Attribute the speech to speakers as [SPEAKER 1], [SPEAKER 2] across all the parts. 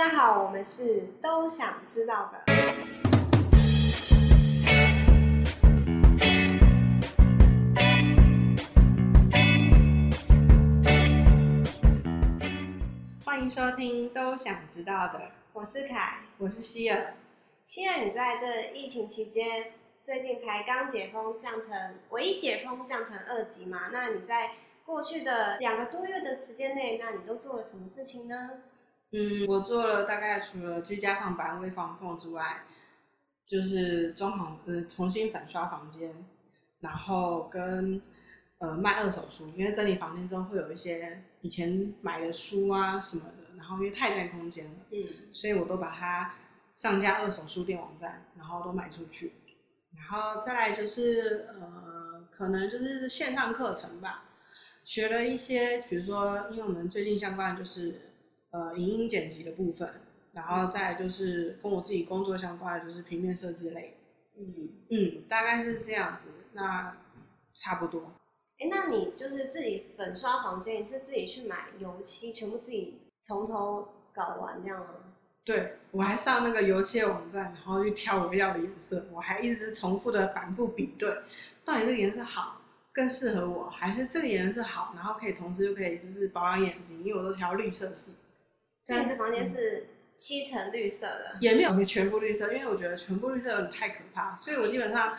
[SPEAKER 1] 大家好，我們是都想知道的。
[SPEAKER 2] 歡迎收聽都想知道的，
[SPEAKER 1] 我是凱，
[SPEAKER 2] 我是希爾。
[SPEAKER 1] 希爾，你在這疫情期間，最近才剛解封降成，唯一解封降成二級嘛？那你在過去的兩個多月的時間內，那你都做了什麼事情呢？
[SPEAKER 2] 嗯，我做了大概除了居家上班微防控之外，就是裝潢，呃重新粉刷房間，然後跟呃賣二手書，因為整理房間之後會有一些以前買的書啊什麼的，然後因為太佔空間了，嗯，所以我都把它上架二手書店網站，然後都賣出去。然後再來就是呃可能就是線上課程吧，學了一些，比如說因為我們最近相關的就是。呃，影音剪輯的部分，然後再就是跟我自己工作相關的，就是平面設計類。嗯，嗯，大概是這樣子。那差不多。哎、欸，那你就
[SPEAKER 1] 是自己粉刷房間，你是自己去買油漆，全部自己從頭搞完這樣嗎？
[SPEAKER 2] 對，我還上那個油漆的網站，然後去挑我要的顏色。我還一直重複的反復比對，到底這個顏色好，更適合我，還是這個顏色好，然後可以同時就可以就是保養眼睛，因為我都調綠色系。所以這房間是
[SPEAKER 1] 七成綠色的、嗯，也沒有
[SPEAKER 2] 全部綠色，因為我覺得全部綠色有點太可怕，所以我基本上，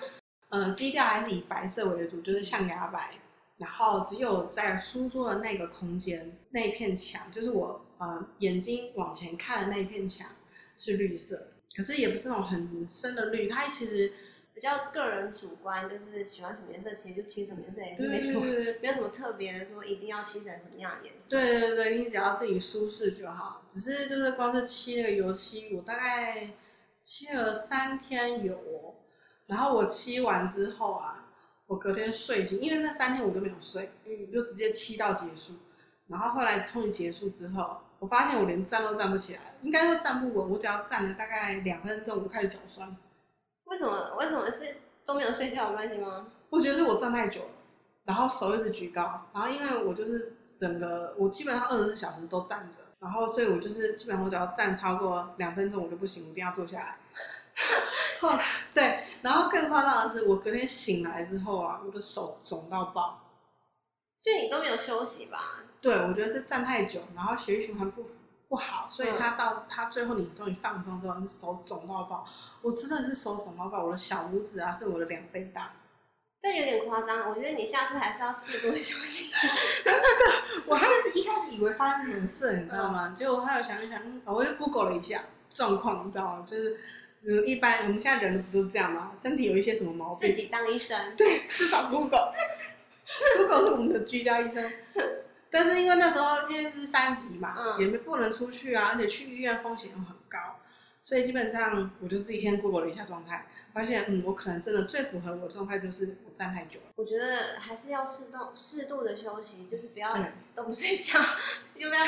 [SPEAKER 2] 嗯、呃，基調還是以白色為主，就是象牙白，然後只有在書桌的那個空間那一片牆，就是我嗯、呃、眼睛往前看的那一片牆是綠色的，可是也不是那種很深的綠，它其實。比較個人主觀，就是喜歡什麼顏色，其實就漆什麼顏色也，對對對對沒錯，沒有
[SPEAKER 1] 什麼特別的說，說一定要漆成什麼樣的顏色。對
[SPEAKER 2] 對對，你只要自己舒適就好。只是就是光是漆那個油漆，我大概漆了三天油，然後我漆完之後啊，我隔天睡醒，對 因為那三天我都沒有睡，嗯，就直接漆到結束。然後後來終於結束之後，我發現我連站都站不起來，應該說站不穩。我只要站了大概兩分鐘，我就開始腳酸。為什麼？
[SPEAKER 1] 為什麼是都沒有睡覺的關係嗎？
[SPEAKER 2] 我覺得是我站太久，然後手一直舉高，然後因為我就是整個我基本上二十四小時都站着，然後所以我就是基本上我只要站超過兩分鐘我就不行，我一定要坐下來。後來 對，然後更誇張的是我隔天醒來之後啊，我的手腫到爆。
[SPEAKER 1] 所以你都沒有休息吧？
[SPEAKER 2] 對，我覺得是站太久，然後血液循環不、不好，所以他到、嗯、他最後，你終於放鬆之後，你手腫到爆，我真的是手腫到爆，我的小拇指啊，是我的兩倍大，
[SPEAKER 1] 這有點誇張。我覺得你下次還是要適度休息一
[SPEAKER 2] 下， 真的 我還是一開始以為發生什麼事，你知道嗎？嗯、結果後來想一想，嗯、我就 Google 了一下狀況，你知道嗎？就是、嗯、一般我們現在人都不都這樣嗎？身體有一些什麼毛病？自己當醫生，對，就找 Google，Google 是我們的居家醫生。但是因為那時候因為是三級嘛，嗯、也沒不能出去啊，而且去醫院風險又很高，所以基本上我就自己先過過了一下狀態，發現嗯，我可能真的最符合我的狀態就是我站太久了。我
[SPEAKER 1] 覺得還是要適當適度的休息，就是不要都不睡覺，有、嗯嗯、不要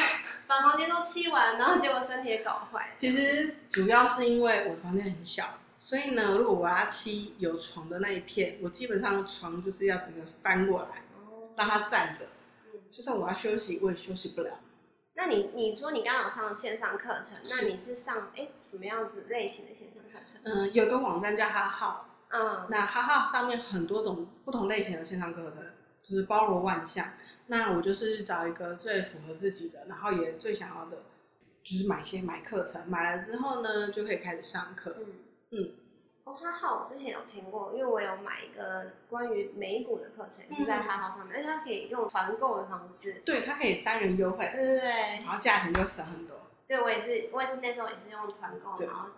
[SPEAKER 1] 把房間都漆完，然後結果身體也搞壞。嗯、樣
[SPEAKER 2] 其實主要是因為我房間很小，所以呢，如果我要漆有床的那一片，我基本上床就是要整個翻過來，哦、讓它站着。就算我要休息，我也休息不了。
[SPEAKER 1] 那你你說你剛好上線上課程，是那你是上哎什麼樣子類型的線上課程？嗯，有個
[SPEAKER 2] 網站叫哈號，嗯，那哈號上面很多種不同類型的線上課程，Oh. 就是包羅萬象。那我就是找一個最符合自己的，然後也最想要的，就是買些買課程，買了之後呢，就可以開始上課。嗯。嗯
[SPEAKER 1] 哈號、哦，我之前有聽過，因為我有買一個關於美股的課程是、嗯、在哈號上面，而且它可以用
[SPEAKER 2] 團購的方式，對，它可以三人優惠，對對對，然後價錢就省很多。
[SPEAKER 1] 對，我也是，我也是那時候也是用團購，對然後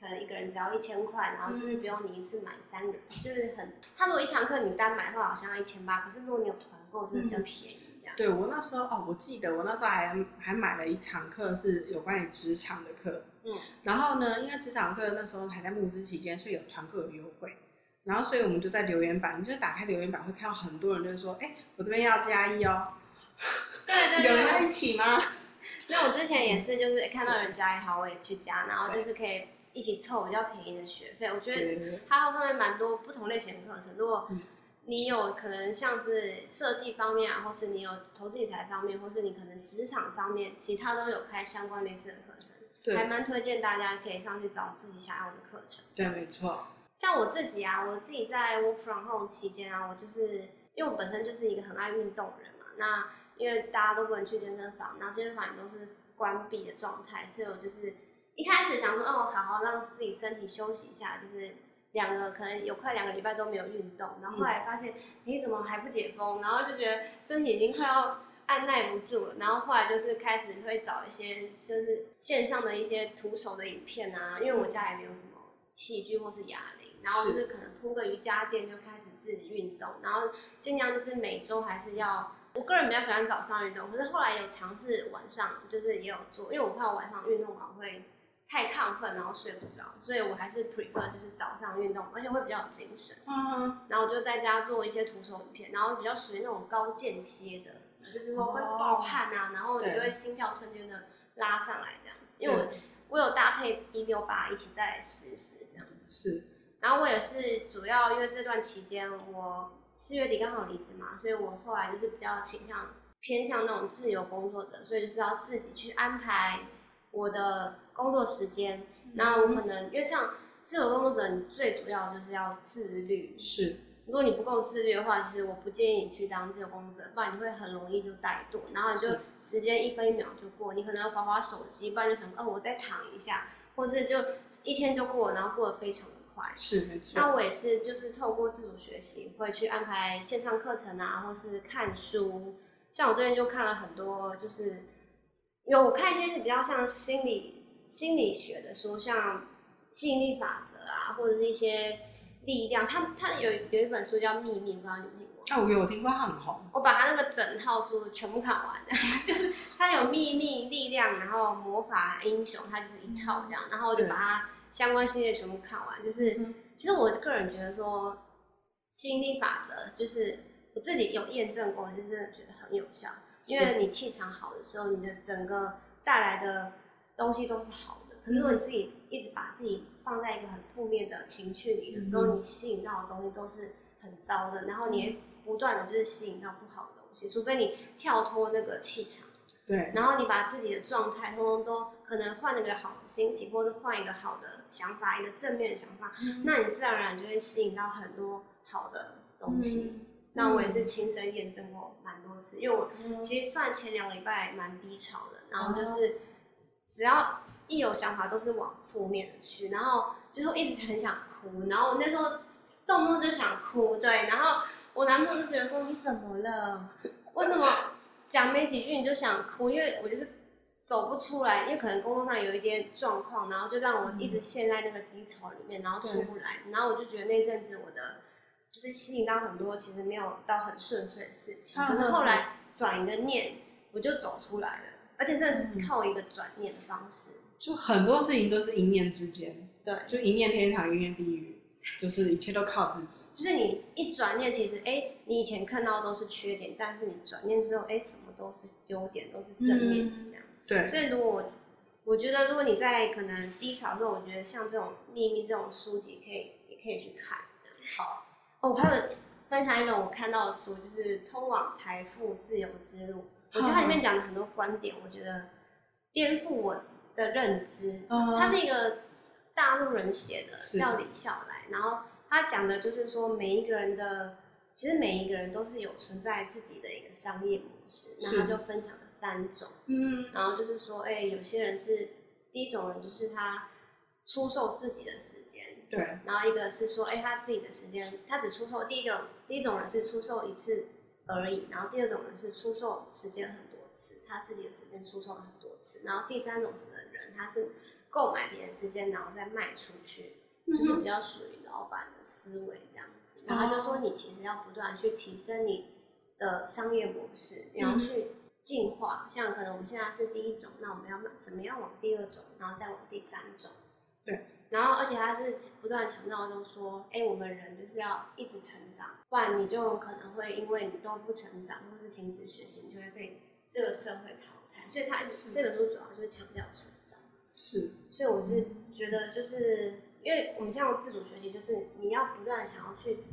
[SPEAKER 1] 可能一個人只要一千塊，然後就是不用你一次買三個人，嗯、就是很，它如果一堂課你單買的話好像要一千八，可是如果你有團購就是比較
[SPEAKER 2] 便宜。嗯對，我那時候哦，我記得我那時候還還買了一場課，是有關於職場的課。嗯，然後呢，因為職場課那時候還在募資期間，所以有團購有優惠。然後所以我們就在留言板，就是打開留言板會看到很多人就是說，哎，我這邊要加一哦。對
[SPEAKER 1] 對，對對。有人一起嗎？
[SPEAKER 2] 那我之前也
[SPEAKER 1] 是，就是看到有人加一，好，我也去加，對然後就是可以一起湊比較便宜的學費。我覺得他號上面蠻多不同類型的課程，如果。你有可能像是設計方面啊，或是你有投資理財方面，或是你可能職場方面，其他都有開相關類似的課程，對還蠻推薦大家可以上去找自己想要的課程這樣。對，沒錯。像我自己啊，我自己在 work from home 期間啊，我就是因為我本身就是一個很愛運動的人嘛，那因為大家都不能去健身房，然後健身房也都是關閉的狀態，所以我就是一開始想說哦，好好讓自己身體休息一下，就是。兩個可能有快兩個禮拜都沒有運動，然後後來發現你怎麼還不解封？然後就覺得身體已經快要按耐不住了，然後後來就是開始會找一些就是線上的一些徒手的影片啊，因為我家也沒有什麼器具或是啞鈴，然後就是可能鋪個瑜伽墊就開始自己運動，是然後儘量就是每周還是要，我個人比較喜歡早上運動，可是後來有嘗試晚上就是也有做，因為我怕我晚上運動完會。太亢奮，然後睡不着，所以我還是 prefer 就是早上運動，而且會比較有精神。嗯嗯、mm。Hmm. 然後我就在家做一些徒手影片，然後比較屬於那種高間歇的，就是說會爆汗啊，oh, 然後你就會心跳瞬間的拉上來這樣子。對因為我，我有搭配一六八一起在試試這樣子。是。然後我也是主要因為這段期間我四月底剛好離職嘛，所以我後來就是比較傾向偏向那種自由工作者，所以就是要自己去安排我的。工作時間，那我可能因為像自由工作者，你最主要就是要自律。是，如果你不夠自律的話，其實我不建議你去當自由工作者，不然你會很容易就怠惰，然後你就時間一分一秒就過，你可能要滑滑手機，不然就想哦，我再躺一下，或是就一天就過，然後過得非常的快。是，是。是那我也是，就是透過自主學習，會去安排線上課程啊，或是看書。像我最近就看了很多，就是。有我看一些是比較像心理心理學的書，像吸引力法則啊，或者是一些力量。它它有有一本書叫《秘密》，不知道你聽過嗎？啊啊？我有聽過，他很好，很紅。我把它那個整套書全部看完了 就是它有《秘密》、力量，然後魔法英雄，它就是一套這樣。然後我就把它相關系列全部看完。就是、嗯、其實我個人覺得說吸引力法則，就是我自己有驗證過，就真的覺得很有效。因為你氣場好的時候，你的整個帶來的東西都是好的。可是如果你自己一直把自己放在一個很負面的情緒裡的時候，你吸引到的東西都是很糟的。然後你也不斷的就是吸引到不好的東西，嗯、除非你跳脫那個氣場，對，然後你把自己的狀態通通都可能換一個好的心情，或者換一個好的想法，一個正面的想法，嗯、那你自然而然就會吸引到很多好的東西。嗯、
[SPEAKER 2] 那我也是
[SPEAKER 1] 親身驗證過。因為我其實算前兩個禮拜蠻低潮的，然後就是只要一有想法都是往負面的去，然後就是我一直很想哭，然後我那時候動不動就想哭，對，然後我男朋友就覺得說你怎麼了？為什麼講沒幾句你就想哭？因為我就是走不出來，因為可能工作上有一點狀況，然後就讓我一直陷在那個低潮裡面，然後出不來，然後我就覺得那陣子我的。就是吸引到很多其實沒有到很順遂的事情，可是後來
[SPEAKER 2] 轉一個念，
[SPEAKER 1] 我就走出來了，而
[SPEAKER 2] 且這是靠一個轉念的方式。嗯，就很多事情都是一念之間，對，就一念天堂，一念地獄，就是一切都靠自己。
[SPEAKER 1] 就是你一轉念，其實哎、欸，你以前看到的都是缺點，但是你轉念之後，哎、欸，什麼都是優點，都是正面這樣。嗯、對，所以如果我覺得如果你在可能低潮的時候，我覺得像這種秘密這種書籍，可以也可以去看，這樣好。哦，我還有分享一本我看到的書，就是《通往財富自由之路》uh。Huh. 我覺得它裡面講了很多觀點，我覺得顛覆我的認知。它、uh huh. 是一個大陸人寫的，叫李笑來。然後他講的就是說，每一個人的其實每一個人都是有存在自己的一個商業模式。Uh huh. 然後他就分享了三種，嗯、uh，huh. 然後就是說，哎、欸，有些人是第一種人，就是他出售自己的時間。對，然後一個是說，哎，他自己的時間，他只出售，第一個，第一種人是出售一次而已，然後第二種人是出售時間很多次，他自己的時間出售很多次，然後第三種的人，他是購買別人時間，然後再賣出去，就是比較屬於老闆的思維這樣子。然後、嗯、哼他就說你其實要不斷去提升你的商業模式，你要去進化。嗯、哼像可能我們現在是第一種，那我們要怎麼樣往第二種，然後再往第三種。對。然後，而且他是不斷強調，就是說：“哎、欸，我們人就是要一直成長，不然你就可能會因為你都不成長，或是停止學習，你就會被這個社會淘汰。”所以，他這本書主要就是強調成長。是。所以，我是覺得，就是因為我們現在像自主學習，就是你要不斷想要去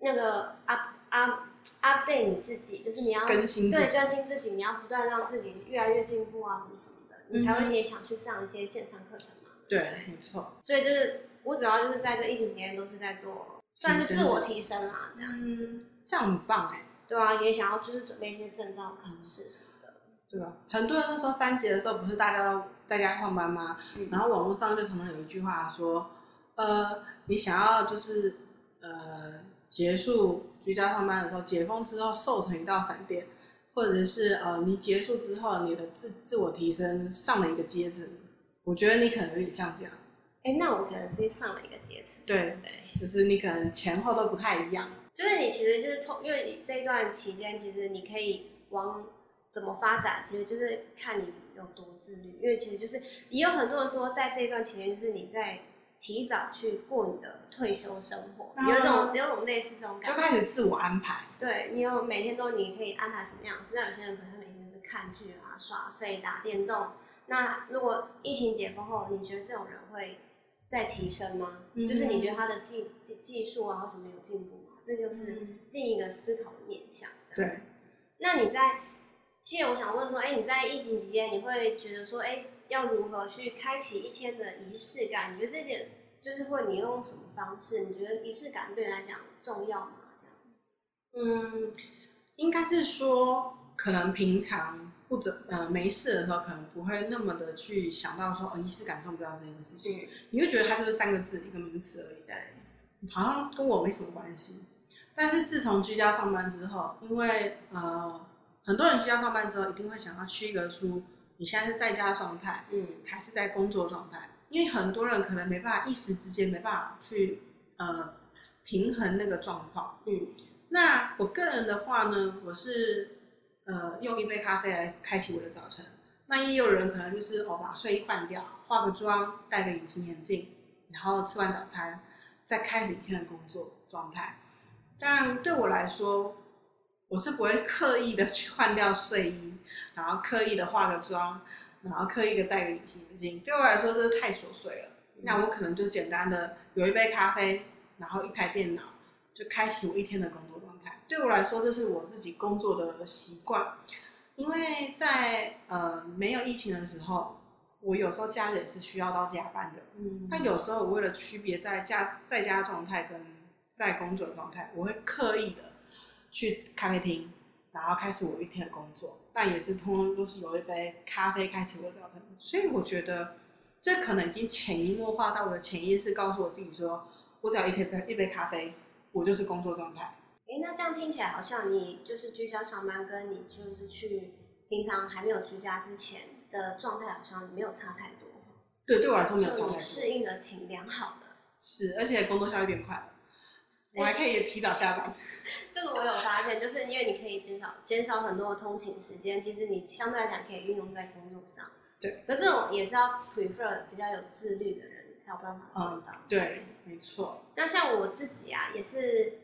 [SPEAKER 1] 那個 up up update 你自己，就是你要更新自己，對，更新自己，你要不斷讓自己越來越進步啊，什麼什麼的，你才會也想去上一些線上課程。
[SPEAKER 2] 對，沒錯。
[SPEAKER 1] 所以就是我主要就是在這疫情期間都是在
[SPEAKER 2] 做，算是自我提升嘛，升這樣子，這樣很棒哎。
[SPEAKER 1] 對啊，也想要就是準備一些證照考試什麼的。
[SPEAKER 2] 對啊，很多人都說三級的時候不是大家都在家上班嗎？嗯，然後網絡上就常常有一句話說，呃，你想要就是呃結束居家上班的時候，解封之後瘦成一道閃電，或者是呃你結束之後你的自自我提升上了一個階子。我覺得你可能有點像這樣，
[SPEAKER 1] 哎、欸，那我可能是上了一個階次，對，對
[SPEAKER 2] 就是你可能前後都不太一樣。
[SPEAKER 1] 就是你其實就是通，因為你這一段期間，其實你可以往怎麼發展，其實就是看你有多自律。因為其實就是，也有很多人說，在這一段期間，就是你在提早去過你的退休
[SPEAKER 2] 生活，嗯，有種有
[SPEAKER 1] 種類似這種感覺，
[SPEAKER 2] 就開始自我安排。
[SPEAKER 1] 對，你有每天都你可以安排什麼樣子？現在有些人可能他每天是看劇啊、耍廢、打電動。那如果疫情解封後，你覺得這種人會再提升嗎？嗯哼。就是你覺得他的技技技術啊，什麼有進步嗎、啊？這就是另一個思考的面向，這樣。對、嗯。那你在，其實我想問說，哎、欸，你在疫情期間，你會覺得說，哎、欸，要如何去開啟一天的儀式感？你覺得這點就是會，你用什麼方式？你覺得儀式感對你來講重要嗎？這樣。嗯，
[SPEAKER 2] 應該是說，可能平常。或者呃沒事的時候，可能不會那麼的去想到說哦、儀式感受不到這件事情，嗯、你會覺得它就是三個字一個名詞而已，好像跟我沒什麼關係。但是自從居家上班之後，因為呃很多人居家上班之後一定會想要區隔出你現在是在家狀態，嗯，還是在工作狀態，因為很多人可能沒辦法一時之間沒辦法去呃平衡那個狀況，嗯，那我個人的話呢，我是。呃，用一杯咖啡來開啟我的早晨。那也有人可能就是，我、哦、把睡衣換掉，化個妝，戴個隱形眼鏡，然後吃完早餐，再開始一天的工作狀態。但對我來說，我是不會刻意的去換掉睡衣，然後刻意的化個妝，然後刻意的戴個隱形眼鏡。對我來說，這是太瑣碎了。那我可能就簡單的有一杯咖啡，然後一台電腦，就開啟我一天的工作狀態。對我來說，這是我自己工作的習慣，因為在呃沒有疫情的時候，我有時候家裡是需要到加班的，嗯，但有時候我為了區別在家在家狀態跟在工作的狀態，我會刻意的去咖啡廳，然後開始我一天的工作，但也是通通都是有一杯咖啡開啟我的早晨。所以我覺得這可能已經潛移默化到我的潛意識，告訴我自己說，我只要一天一杯咖啡，我就是工作狀態。
[SPEAKER 1] 哎、欸，那這樣聽起來好像你就是居家上班，跟你就是去平常還沒有居家之前的狀態，好像沒有差太多。
[SPEAKER 2] 對，對我來說沒有差太多。適
[SPEAKER 1] 應的挺良好的。
[SPEAKER 2] 是，而且工作效率有點快，欸，我還可以也提早下班。
[SPEAKER 1] 這個我有發現，就是因為你可以減少減少很多的通勤時間，其實你相對來講可以運用在工作上。對，可是這種也是要 prefer 比較有自律的人才有辦法做
[SPEAKER 2] 到。嗯、對，沒錯。
[SPEAKER 1] 那像我自己啊，也是。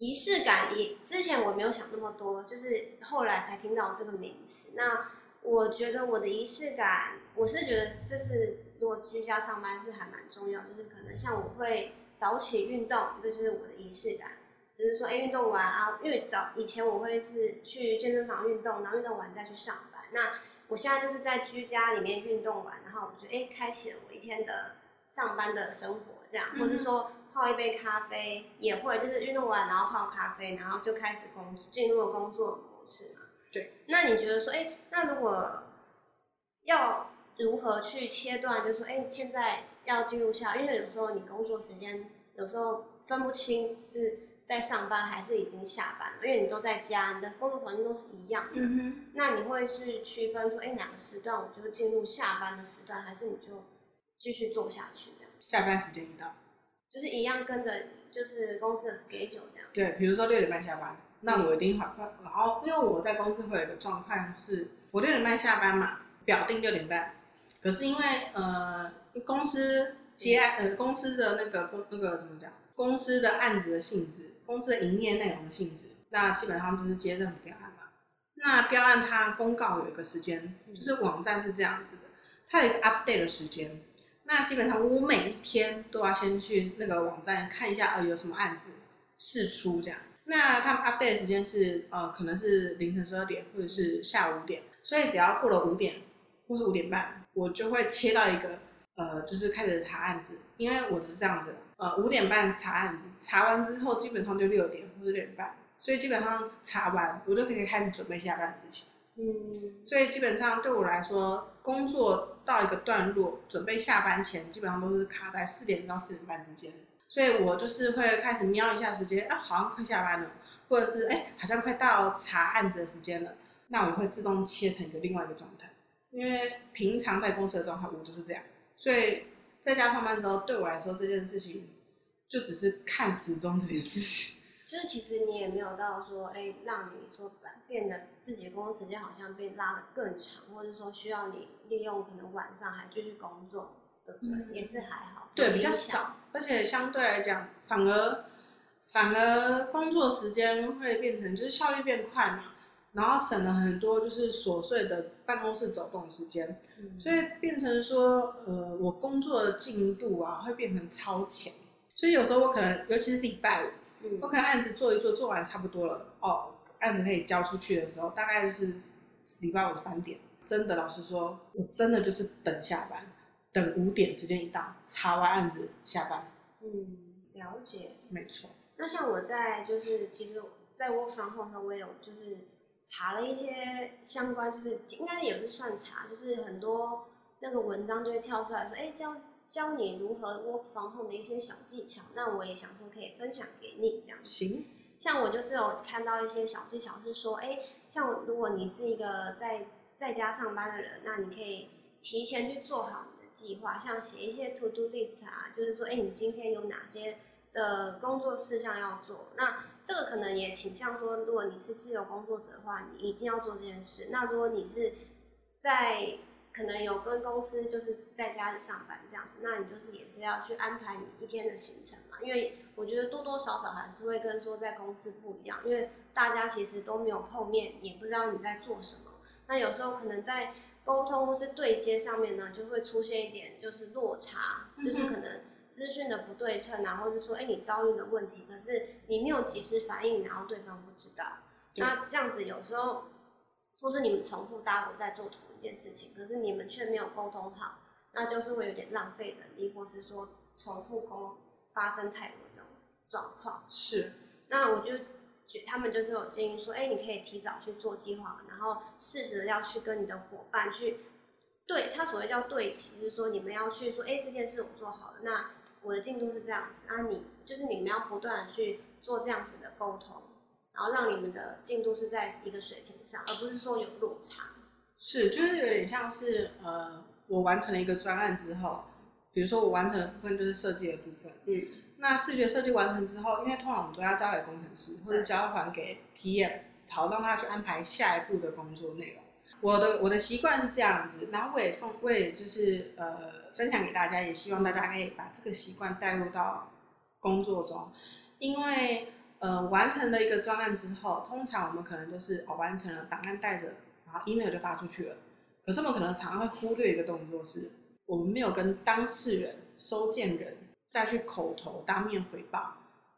[SPEAKER 1] 儀式感也，之前我沒有想那麼多，就是後來才聽到這個名詞。那我覺得我的儀式感，我是覺得這是如果居家上班是還蠻重要，就是可能像我會早起運動，這就是我的儀式感。只、就是說，哎、欸，運動完啊，因為早，以前我會是去健身房運動，然後運動完再去上班。那我現在就是在居家裡面運動完，然後我就哎、欸，開啟了我一天的上班的生活，這樣，或者說。泡一杯咖啡也會，就是運動完然後泡咖啡，然後就開始工進入了工作的模式嘛。對。那你覺得說，哎，那如果要如何去切斷，就是說，哎，現在要進入下，因為有時候你工作時間有時候分不清是在上班還是已經下班了，因為你都在家，你的工作環境都是一樣的。嗯哼。那你會去區分說，哎，哪個時段我就是進入下班的時段，還是你就繼續做下去這樣？下班時間一到。就是一樣跟着，就是公司的 schedule 這樣。
[SPEAKER 2] 對，比如說六點半下班，那我一定會快，嗯、然後，因為我在公司會有一個狀況是，我六點半下班嘛，表定六點半。可是因為呃，公司接案，嗯、呃，公司的那個公那個怎麼講？公司的案子的性質，公司的營業內容的性質，那基本上就是接政府標案嘛。那標案它公告有一個時間，就是網站是這樣子的，它、嗯、有一個 update 的時間。那基本上我每一天都要先去那個網站看一下，呃，有什麼案子釋出這樣。那他們 update 時間是呃，可能是凌晨十二點或者是下午五點，所以只要過了五點，或是五點半，我就會切到一個呃，就是開始查案子。因為我是這樣子，呃，五點半查案子，查完之後基本上就六點或者六點半，所以基本上查完我就可以開始準備下班事情。嗯，所以基本上對我來說工作，到一個段落，準備下班前，基本上都是卡在四點到四點半之間，所以我就是會開始瞄一下時間，啊，好像快下班了，或者是哎、欸，好像快到查案子的時間了，那我會自動切成一個另外一個狀態，因為平常在公司的狀態我就是這樣，所以在家上班之後，對我來說，這件事情就只是看時鐘這件事情。
[SPEAKER 1] 就是其實你也沒有到說，哎、欸，讓你說變變得自己的工作時間好像被拉得更長，或者說需要你利用可能晚上還
[SPEAKER 2] 繼續工作，
[SPEAKER 1] 對不對？嗯嗯，也是還好，
[SPEAKER 2] 對，對，比較少，對而且相對來講，反而反而工作時間會變成就是效率變快嘛，然後省了很多就是瑣碎的辦公室走動時間，嗯嗯，所以變成說，呃，我工作的進度啊會變成超前，所以有時候我可能尤其是禮拜五。嗯、我看案子做一做，做完差不多了哦，案子可以交出去的時候，大概就是禮拜五三點。真的，老實說，我真的就是等下班，等五點時間一到，查完案子下班。嗯，了解，沒錯。
[SPEAKER 1] 那像我在就是，其實，在 WFH 的時候，我也有就是查了一些相關，就是應該也不是算查，就是很多那個文章就會跳出來說，哎、欸，這樣。教你如何 work from home 的一些小技巧，那我也想說可以分享給你這樣子。行。像我就是有看到一些小技巧是說，哎、欸，像如果你是一個在在家上班的人，那你可以提前去做好你的計劃，像寫一些 to do list 啊，就是說，哎、欸，你今天有哪些的工作事項要做？那這個可能也傾向說，如果你是自由工作者的話，你一定要做這件事。那如果你是在可能有跟公司就是在家裡上班這樣子，那你就是也是要去安排你一天的行程嘛？因為我覺得多多少少還是會跟說在公司不一樣，因為大家其實都沒有碰面，也不知道你在做什麼。那有時候可能在溝通或是對接上面呢，就會出現一點就是落差，嗯、哼就是可能資訊的不對稱、啊，然後是說，哎、欸，你遭遇的問題，可是你沒有及時反應，然後對方不知道。那這樣子有時候，或是你們重複，搭夥，在做同事。一件事情，可是你們卻沒有溝通好，那就是會有點浪費能力，或是說重複工發生太多這種狀況。是，那我就覺他們就是有建議說，哎、欸，你可以提早去做計劃，然後適時的要去跟你的伙伴去對，他所謂叫對齊，就是說你們要去說，哎、欸，這件事我做好了，那我的進度是這樣子啊你。你就是你們要不斷的去做這樣子的溝通，然後讓你們的進度是在一個水平上，而不是說有落差。
[SPEAKER 2] 是，就是有點像是，呃，我完成了一個專案之後，比如說我完成的部分就是設計的部分，嗯，那視覺設計完成之後，因為通常我們都要交給工程師，或者交還給 PM，好讓他去安排下一步的工作內容。我的我的習慣是這樣子，然後我也奉，我也就是，呃，分享給大家，也希望大家可以把這個習慣帶入到工作中，因為，呃，完成了一個專案之後，通常我們可能就是，哦，完成了檔案帶着。然後 email 就發出去了，可是我們可能常常會忽略一個動作，是我們沒有跟當事人、收件人再去口頭、當面回報，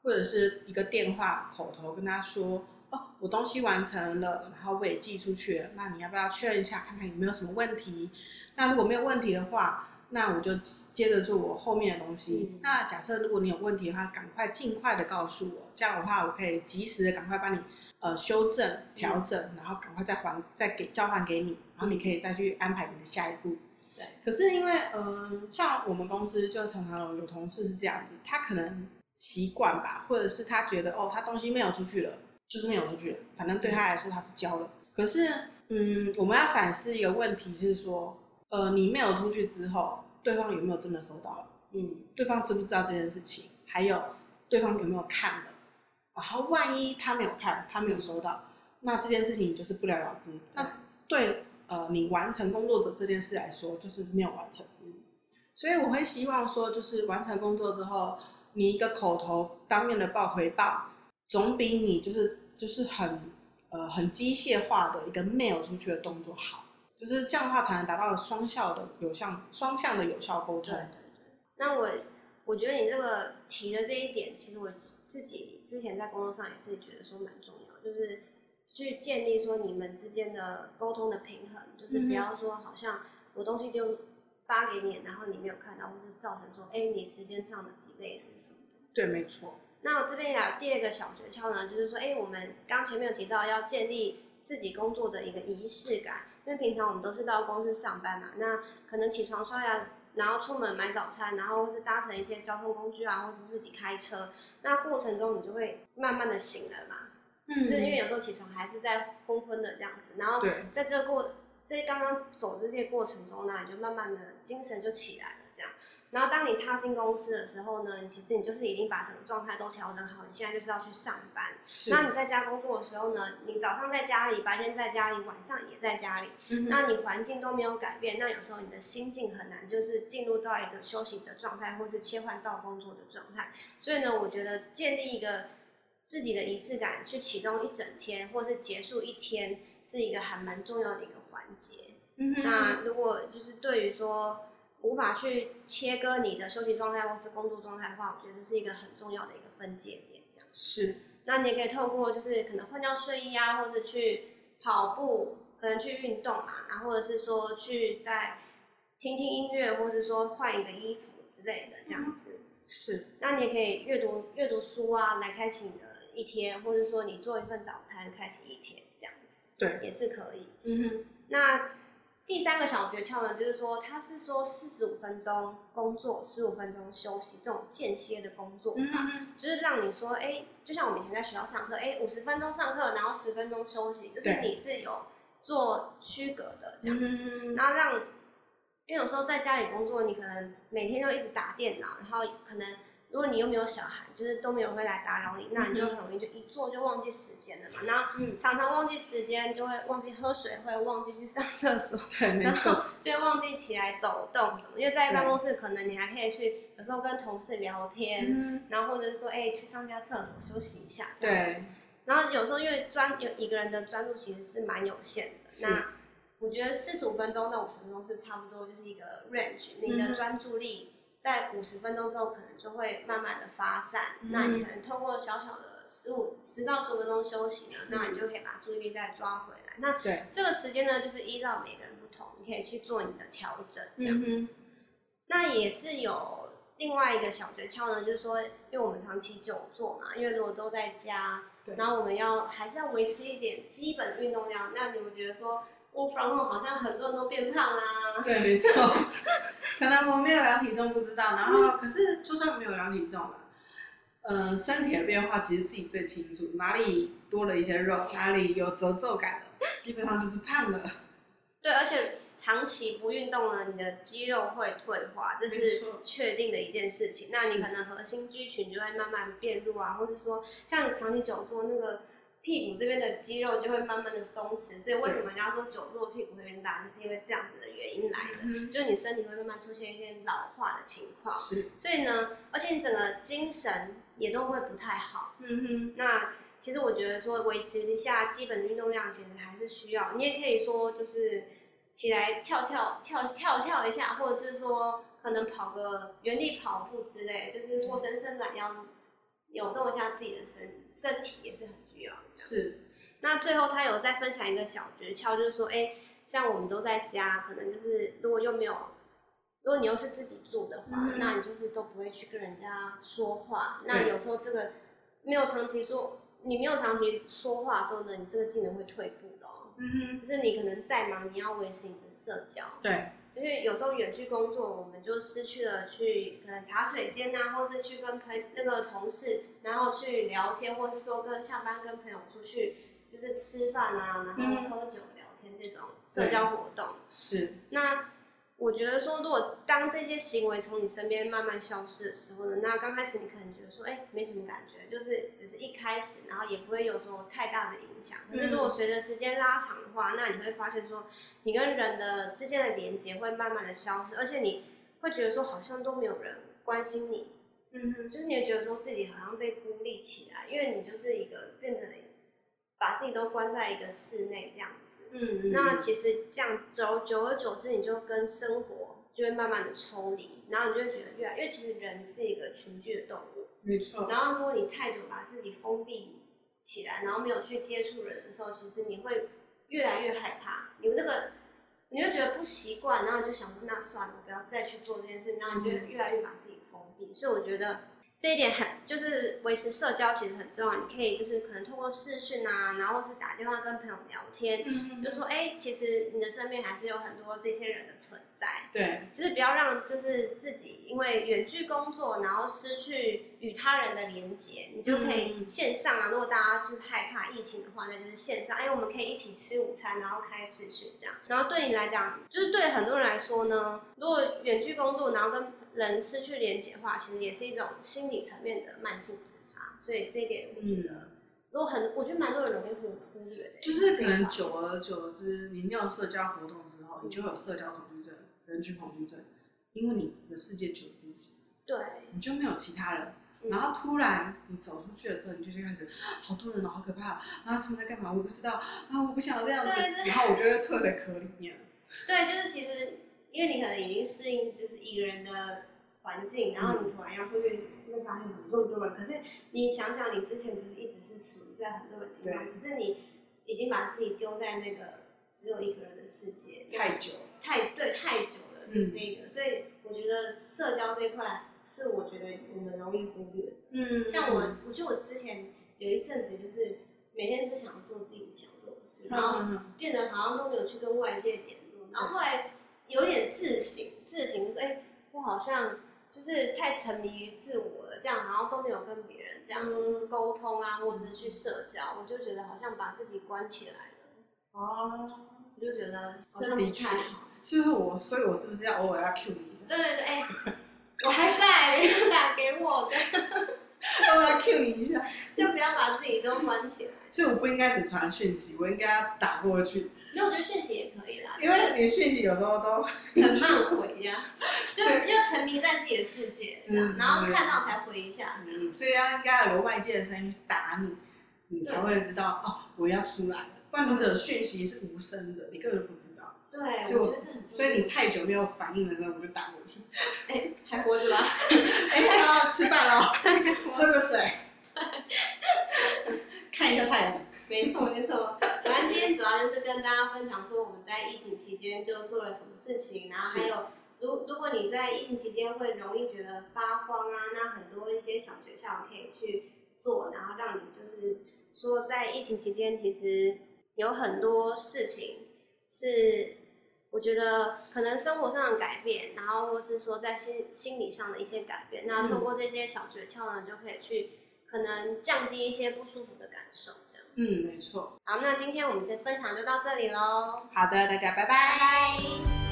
[SPEAKER 2] 或者是一個電話口頭跟他說，哦，我東西完成了，然後我也寄出去了，那你要不要確認一下，看看有沒有什麼問題？那如果沒有問題的話，那我就接着做我後面的東西。那假設如果你有問題的話，趕快、盡快的告訴我，這樣的話我可以及時的趕快幫你。呃，修正、調整，嗯、然後趕快再還、再給交換給你，然後你可以再去安排你的下一步。嗯、對，可是因為嗯、呃，像我們公司就常常有同事是這樣子，他可能習慣吧，或者是他覺得哦，他東西沒有出去了，就是沒有出去了，反正對他來說他是交了。嗯、可是嗯，我們要反思一個問題，是說呃，你沒有出去之後，對方有沒有真的收到了？嗯，對方知不知道這件事情？還有對方有沒有看了？然後萬一他沒有看，他沒有收到，那這件事情就是不了了之。嗯、那對呃，你完成工作者這件事來說，就是沒有完成。嗯、所以我會希望說，就是完成工作之後，你一個口頭當面的報回報，總比你就是就是很呃很機械化的一個 mail 出去的動作好。就是這樣的話，才能達到了雙效的有效雙向的有效溝通。對對對。
[SPEAKER 1] 那我。我覺得你這個提的這一點，其實我自己之前在工作上也是覺得說蠻重要，就是去建立說你們之間的溝通的平衡，就是不要說好像我東西就發給你，然後你沒有看到，或是造成說哎你時間上的 delay 是不是？
[SPEAKER 2] 對，沒錯。
[SPEAKER 1] 那我這邊還有第二個小訣竅呢，就是說哎我們剛前面有提到要建立自己工作的一個儀式感，因為平常我們都是到公司上班嘛，那可能起床刷牙。然後出門買早餐，然後或是搭乘一些交通工具啊，或是自己開車。那過程中你就會慢慢的醒了嘛，嗯、是因為有時候起床還是在昏昏的這樣子。然後在這個過這對剛剛走的這些過程中呢、啊，你就慢慢的精神就起來了，這樣。然後，當你踏進公司的時候呢，其實你就是已經把整個狀態都調整好。你現在就是要去上班。是那你在家工作的時候呢，你早上在家裡，白天在家裡，晚上也在家裡。嗯哼。那你環境都沒有改變，那有時候你的心境很難就是進入到一個休息的狀態，或是切換到工作的狀態。所以呢，我覺得建立一個自己的儀式感，去啟動一整天，或是結束一天，是一個還蠻重要的一個環節。嗯哼。那如果就是對於說。無法去切割你的休息狀態或是工作狀態的話，我覺得這是一個很重要的一個分界點，這樣。是。那你也可以透過，就是可能換掉睡衣啊，或者去跑步，可能去運動嘛，然後或者是說去再聽聽音樂，或者說換一個衣服之類的，這樣子。嗯、是。那你也可以閱讀閱讀書啊，來開啟你的一天，或者說你做一份早餐，開啟一天，這樣子。對。也是可以。
[SPEAKER 2] 嗯哼。
[SPEAKER 1] 那。第三個小訣竅呢，就是說，他是說四十五分鐘工作，十五分鐘休息，這種間歇的工作法，嗯、哼就是讓你說，哎、欸，就像我們以前在學校上課，哎、欸，五十分鐘上課，然後十分鐘休息，就是你是有做區隔的這樣子，對然後讓，因為有時候在家裡工作，你可能每天都一直打電腦，然後可能如果你又沒有小孩。就是都沒有人會來打擾你，那你就很容易就一坐就忘記時間了嘛。嗯、然後常常忘記時間，就會忘記喝水，會忘記去上廁所，對，然後就會忘記起來走動什麼對因為在一辦公室，可能你還可以去有時候跟同事聊天，對然後或者是說哎、欸、去上一下廁所休息一下這樣。對。然後有時候因為專有一個人的專注其實是蠻有限的。是那我覺得四十五分鐘到五十分鐘是差不多就是一個 range，你的專注力。嗯在五十分鐘之後，可能就會慢慢的發散。嗯、那你可能透過小小的十五十到十五分鐘休息呢，嗯、那你就可以把注意力再抓回來。嗯、那這個時間呢，對 就是依照每個人不同，你可以去做你的調整這樣子。嗯、哼那也是有另外一個小訣竅呢，就是說，因為我們長期久坐嘛，因為如果都在家，對 然後我們要還是要維持一點基本運動量。那你們覺得說？我 f 好像很多人都變胖啦。對，沒錯，
[SPEAKER 2] 可能我沒有量體重不知道，然後、嗯、可是就算沒有量體重了，嗯、呃，身體的變化其實自己最清楚，哪裡多了一些肉，哪裡有褶皺感了，嗯、基本上就是胖了。
[SPEAKER 1] 對，而且長期不運動了，你的肌肉會退化，這是確定的一件事情。錯那你可能核心肌群就會慢慢變弱啊，是或是說像你長期久坐那個。屁股這邊的肌肉就會慢慢的鬆弛，所以為什麼人家說久坐屁股會變大，就是因為這樣子的原因來的。嗯、就是你身體會慢慢出現一些老化的情況，是。所以呢，而且你整個精神也都會不太好。嗯哼。那其實我覺得說維持一下基本的運動量，其實還是需要。你也可以說就是起來跳跳跳跳跳一下，或者是說可能跑個原地跑步之類，就是做伸伸懶腰。嗯扭動一下自己的身體身體也是很重要的。是，那最後他有再分享一個小訣竅，就是說，哎、欸，像我們都在家，可能就是如果又沒有，如果你又是自己住的話，嗯、哼那你就是都不會去跟人家說話。對那有時候這個沒有長期說，你沒有長期說話的時候呢，你這個技能會退步的哦。嗯哼就是你可能再忙，你要維持你的社交。對。就是有時候遠距工作，我們就失去了去可能茶水間啊，或者去跟朋那個同事，然後去聊天，或者是說跟下班跟朋友出去，就是吃飯啊，然後喝酒聊天、嗯、這種社交活動。是那。我覺得說，如果當這些行為從你身邊慢慢消失的時候呢，那剛開始你可能覺得說，哎、欸，沒什麼感覺，就是只是一開始，然後也不會有說太大的影響。可是如果隨着時間拉長的話，那你會發現說，你跟人的之間的連接會慢慢的消失，而且你會覺得說，好像都沒有人關心你，嗯哼，就是你會覺得說自己好像被孤立起來，因為你就是一個變成了。把自己都關在一個室內這樣子，嗯，那其實這樣久久而久之，你就跟生活就會慢慢的抽離，然後你就會覺得越來，越，其實人是一個群居的動物，沒錯。然後如果你太久把自己封閉起來，然後沒有去接觸人的時候，其實你會越來越害怕，你們，那個你就覺得不習慣，然後你就想說那算了，我不要再去做這件事，然後你就越來越把自己封閉。所以我覺得。這一點很，就是維持社交其實很重要。你可以就是可能通過視訊啊，然後是打電話跟朋友聊天，嗯、哼哼就是說哎、欸，其實你的身邊還是有很多這些人的存在。
[SPEAKER 2] 對，就
[SPEAKER 1] 是不要讓就是自己因為遠距工作，然後失去與他人的連接，你就可以線上啊。嗯、如果大家就是害怕疫情的話，那就是線上，因、哎、為我們可以一起吃午餐，然後開視訊這樣。然後對你來講，就是對很多人來說呢，如果遠距工作，然後跟人失去連接的話，其實也是一種心理層面的慢性自殺。所以這一點，我覺得、嗯、如果很，我覺得蠻多人容易會忽略的，就是
[SPEAKER 2] 可能久而久之，你沒有社交活動之後，你就會有社交恐。人群恐懼症，因為你的世界只有自己，對，你就沒有其他人。然後突然你走出去的時候，嗯、你就開始，好多人哦，好可怕啊，哦！然後他們在幹嘛？我不知道
[SPEAKER 1] 啊！我不想要這樣子。然後我覺
[SPEAKER 2] 得特別可憐、啊。
[SPEAKER 1] 對，就是其實，因為你可能已經適應就是一個人的環境，然後你突然要出去，嗯，會發現怎麼這麼多人？可是你想想，你之前就是一直是處在很樂觀，可對是你已經把自己丟在那個只有一個人的世界太久了。太對，太久了，就是這個，嗯、所以我覺得社交這塊是我覺得我們容易忽略的。嗯，嗯，像我，我覺得我之前有一陣子就是每天就是想要做自己想做的事，然後變得好像都沒有去跟外界聯絡。然後後來有點自省，自省、說，哎、欸，我好像就是太沉迷於自我了，這樣，然後好像都沒有跟別人這樣溝通啊，或者是去社交，我就覺得好像把自己關起來了。哦、啊，我就覺得好像不太
[SPEAKER 2] 好。就是我，所以我是不是要偶爾要 cue 你一下？
[SPEAKER 1] 對對對，哎，我還在，別打給我。偶爾要 cue 你一下，就不要把自己都關起來。
[SPEAKER 2] 所以我不應該只傳訊息，我應該要打過去。那我覺
[SPEAKER 1] 得訊息也可以啦。因為
[SPEAKER 2] 你訊息有時候都很慢回呀，就又沉迷在
[SPEAKER 1] 自己的世界，
[SPEAKER 2] 這樣，然後
[SPEAKER 1] 看到
[SPEAKER 2] 才回一下。所以要應該有個外界的聲音打你，你才會知道哦，我要出來了。慣者訊息是無聲的，你根本不知道。
[SPEAKER 1] 對，所
[SPEAKER 2] 以所以你太久沒有反應的時候，我就打過去。哎、欸，還活着嗎？哎、 欸、好，吃飯了， 喝個水， 看一下太陽。
[SPEAKER 1] 沒錯，沒錯。反正今天主要就是跟大家分享說，我們在疫情期間就做了什麼事情，然後還有，如是如果你在疫情期間會容易覺得發慌啊，那很多一些小訣竅可以去做，然後讓你就是說，在疫情期間其實有很多事情是。我覺得可能生活上的改變，然後或是說在心心理上的一些改變，那透過這些小訣竅呢，你就可以去可能降低一些不舒服的感受，這
[SPEAKER 2] 樣。嗯，沒錯。
[SPEAKER 1] 好，那今天我們這分享就到
[SPEAKER 2] 這裡嘍。好的，大家拜拜。